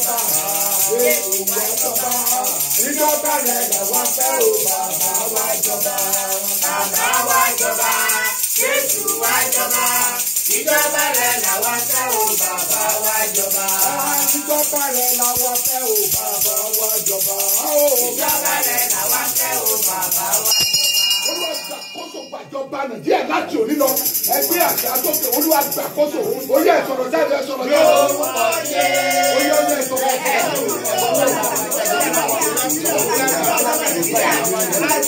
dọ́gba ètò wa dọ́gba dídọ́gba rẹ̀ làwa fẹ́ o bàbá wa jọba. bàbá wa jọba jésù wa jọba dídọ́gba rẹ̀ làwa fẹ́ o bàbá wa jọba. dídọ́gba rẹ̀ làwa fẹ́ o bàbá wa jọba. dídọ́gba rẹ̀ làwa fẹ́ o bàbá wa jọba gbàjọba nàìjíríà láti òní lọ ẹgbẹ́ àti àtòkè olúwa gbàkóso orí ẹ̀ sọ̀rọ̀ jáde ẹ̀ sọ̀rọ̀ jáde. yóò wọlé.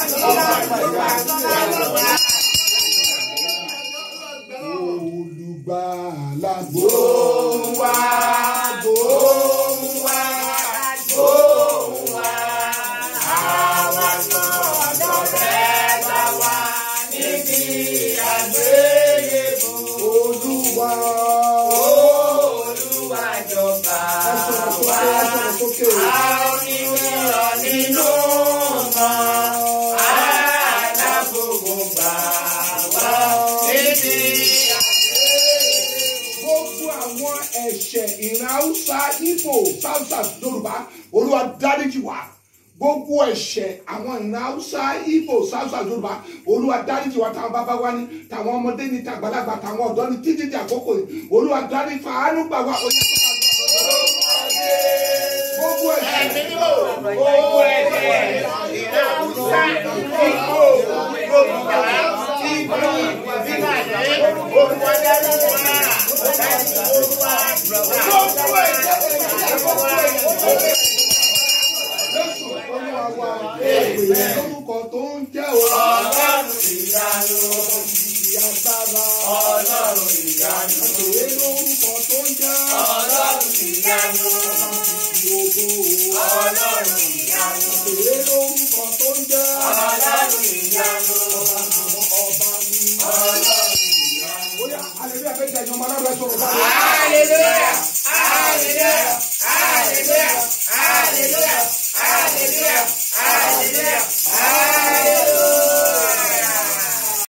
oh gbóhùn wá gbóhùn wá gbóhùn wá àwa náà lọ́rẹ́ bá wá níbi àgbélébùú. Olúwa Olúwa jọba wá àwọn ìwé ọ̀. àwọn ẹ̀ṣẹ̀ ìran haúsá ibo sáúsà yorùbá olúwa dáríjì wá gbogbo ẹ̀ṣẹ̀ àwọn ìran haúsá ibo sáúsà yorùbá olúwa dáríjì wá táwọn bàbá wa ní táwọn ọmọdé ní tàgbàlagbà táwọn ọ̀dọ́ ní títí di àkókò yìí olúwa dárí fa àánú gbà wá oyè tó bá gbogbo ẹ̀ṣẹ̀ gbogbo ẹ̀ṣẹ̀ ìran ibo yorùbá ibo ibo. Olúwa dájú wá. Olúwa gbogbo ẹ̀jẹ̀ gbogbo ẹ̀jẹ̀ Jésù Olúwa wa lórúkọ tó ń jẹ́ wa. Ọlọ́run ìyanu. Ìyàgbára. Ọlọ́run ìyanu. Àtòwé lórúkọ tó ń jẹ́. Ọlọ́run ìyanu. Ọlọ́run ìyanu. Àtòwé lórúkọ tó ń jẹ́. Ọlọ́run ìyanu. ẹ̀yàn ọmọ alábẹ́ sọ̀rọ̀ báyìí.